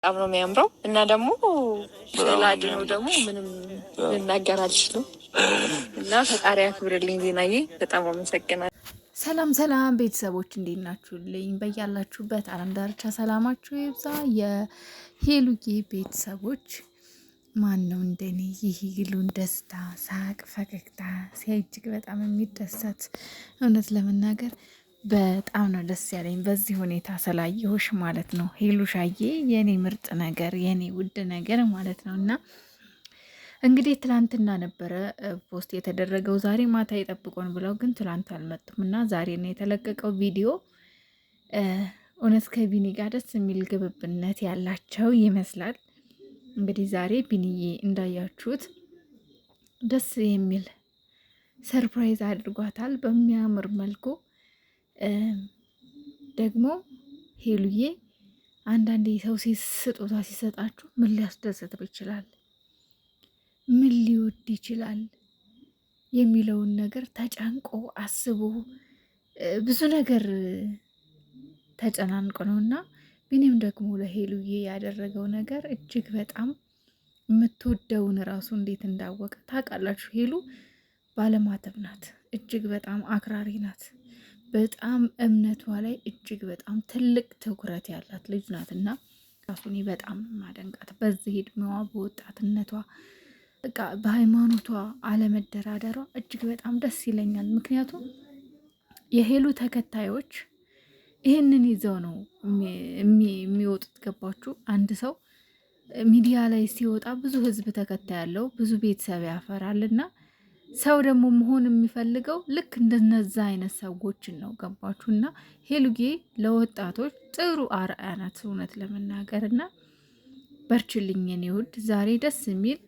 በጣም ነው የሚያምረው እና ደግሞ ስላድነው ደግሞ ምንም ልናገር አልችልም እና ፈጣሪ ያክብርልኝ። ዜናዬ በጣም አመሰግናል። ሰላም ሰላም ቤተሰቦች እንዴት ናችሁልኝ? በያላችሁበት ዓለም ዳርቻ ሰላማችሁ ይብዛ። የሄሉጌ ቤተሰቦች ማን ነው እንደኔ የሄሉን ደስታ፣ ሳቅ፣ ፈገግታ ሲያይ እጅግ በጣም የሚደሰት እውነት ለመናገር በጣም ነው ደስ ያለኝ በዚህ ሁኔታ ስላየሁሽ ማለት ነው። ሄሉሻዬ የኔ ምርጥ ነገር የኔ ውድ ነገር ማለት ነው እና እንግዲህ ትላንትና ነበረ ፖስት የተደረገው ዛሬ ማታ ይጠብቆን ብለው ግን ትላንት አልመጡም እና ዛሬ ነው የተለቀቀው ቪዲዮ። እውነት ከቢኒ ጋር ደስ የሚል ግብብነት ያላቸው ይመስላል። እንግዲህ ዛሬ ቢኒዬ እንዳያችሁት ደስ የሚል ሰርፕራይዝ አድርጓታል በሚያምር መልኩ ደግሞ ሄሉዬ አንዳንዴ ሰው ስጦታ ሲሰጣችሁ ምን ሊያስደስተው ይችላል፣ ምን ሊወድ ይችላል የሚለውን ነገር ተጨንቆ አስቦ ብዙ ነገር ተጨናንቆ ነው እና ቢኒም ደግሞ ለሄሉዬ ያደረገው ነገር እጅግ በጣም የምትወደውን ራሱ እንዴት እንዳወቀ ታውቃላችሁ። ሄሉ ባለማተብ ናት፣ እጅግ በጣም አክራሪ ናት። በጣም እምነቷ ላይ እጅግ በጣም ትልቅ ትኩረት ያላት ልጅ ናት እና ራሱኔ በጣም ማደንቃት በዚህ እድሜዋ በወጣትነቷ በቃ በሃይማኖቷ አለመደራደሯ እጅግ በጣም ደስ ይለኛል። ምክንያቱም የሄሉ ተከታዮች ይህንን ይዘው ነው የሚወጡት። ገባችሁ? አንድ ሰው ሚዲያ ላይ ሲወጣ ብዙ ህዝብ ተከታይ ያለው ብዙ ቤተሰብ ያፈራልና ሰው ደግሞ መሆን የሚፈልገው ልክ እንደነዛ አይነት ሰዎችን ነው። ገባችሁ? እና ሄሉጌ ለወጣቶች ጥሩ አርአያ ናት እውነት ለመናገር እና በርችልኝ የኔ ውድ። ዛሬ ደስ የሚል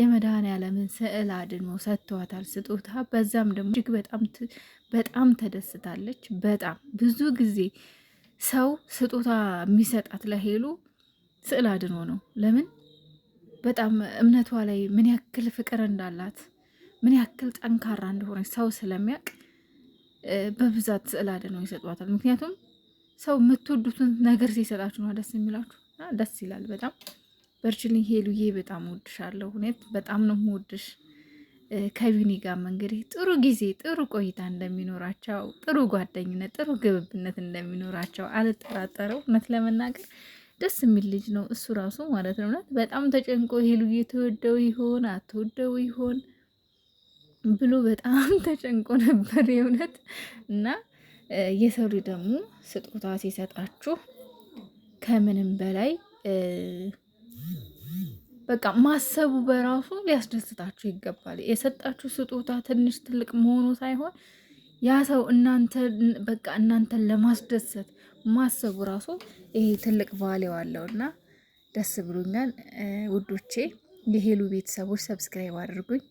የመድኃኔዓለምን ስዕል አድኖ ሰጥተዋታል ስጦታ። በዛም ደግሞ እጅግ በጣም ተደስታለች። በጣም ብዙ ጊዜ ሰው ስጦታ የሚሰጣት ለሄሉ ስዕል አድኖ ነው። ለምን በጣም እምነቷ ላይ ምን ያክል ፍቅር እንዳላት ምን ያክል ጠንካራ እንደሆነ ሰው ስለሚያውቅ በብዛት ስዕል አድነው ይሰጧታል። ምክንያቱም ሰው የምትወዱትን ነገር ሲሰጣችሁ ነው ደስ የሚላችሁ። ደስ ይላል በጣም በርችልኝ ሄሉዬ፣ በጣም እወድሻለሁ። ሁኔት በጣም ነው የምወድሽ። ከቢኒ ጋርም እንግዲህ ጥሩ ጊዜ ጥሩ ቆይታ እንደሚኖራቸው ጥሩ ጓደኝነት ጥሩ ግብብነት እንደሚኖራቸው አልጠራጠረው። እውነት ለመናገር ደስ የሚል ልጅ ነው እሱ ራሱ ማለት ነው። በጣም ተጨንቆ ሄሉዬ ተወደው ይሆን አትወደው ይሆን ብሎ በጣም ተጨንቆ ነበር የእውነት እና የሰው ልጅ ደግሞ ስጦታ ሲሰጣችሁ ከምንም በላይ በቃ ማሰቡ በራሱ ሊያስደስታችሁ ይገባል። የሰጣችሁ ስጦታ ትንሽ ትልቅ መሆኑ ሳይሆን ያ ሰው እናንተ በቃ እናንተን ለማስደሰት ማሰቡ ራሱ ይሄ ትልቅ ቫሌው አለው እና ደስ ብሎኛል ውዶቼ፣ የሄሉ ቤተሰቦች ሰብስክራይብ አድርጉኝ።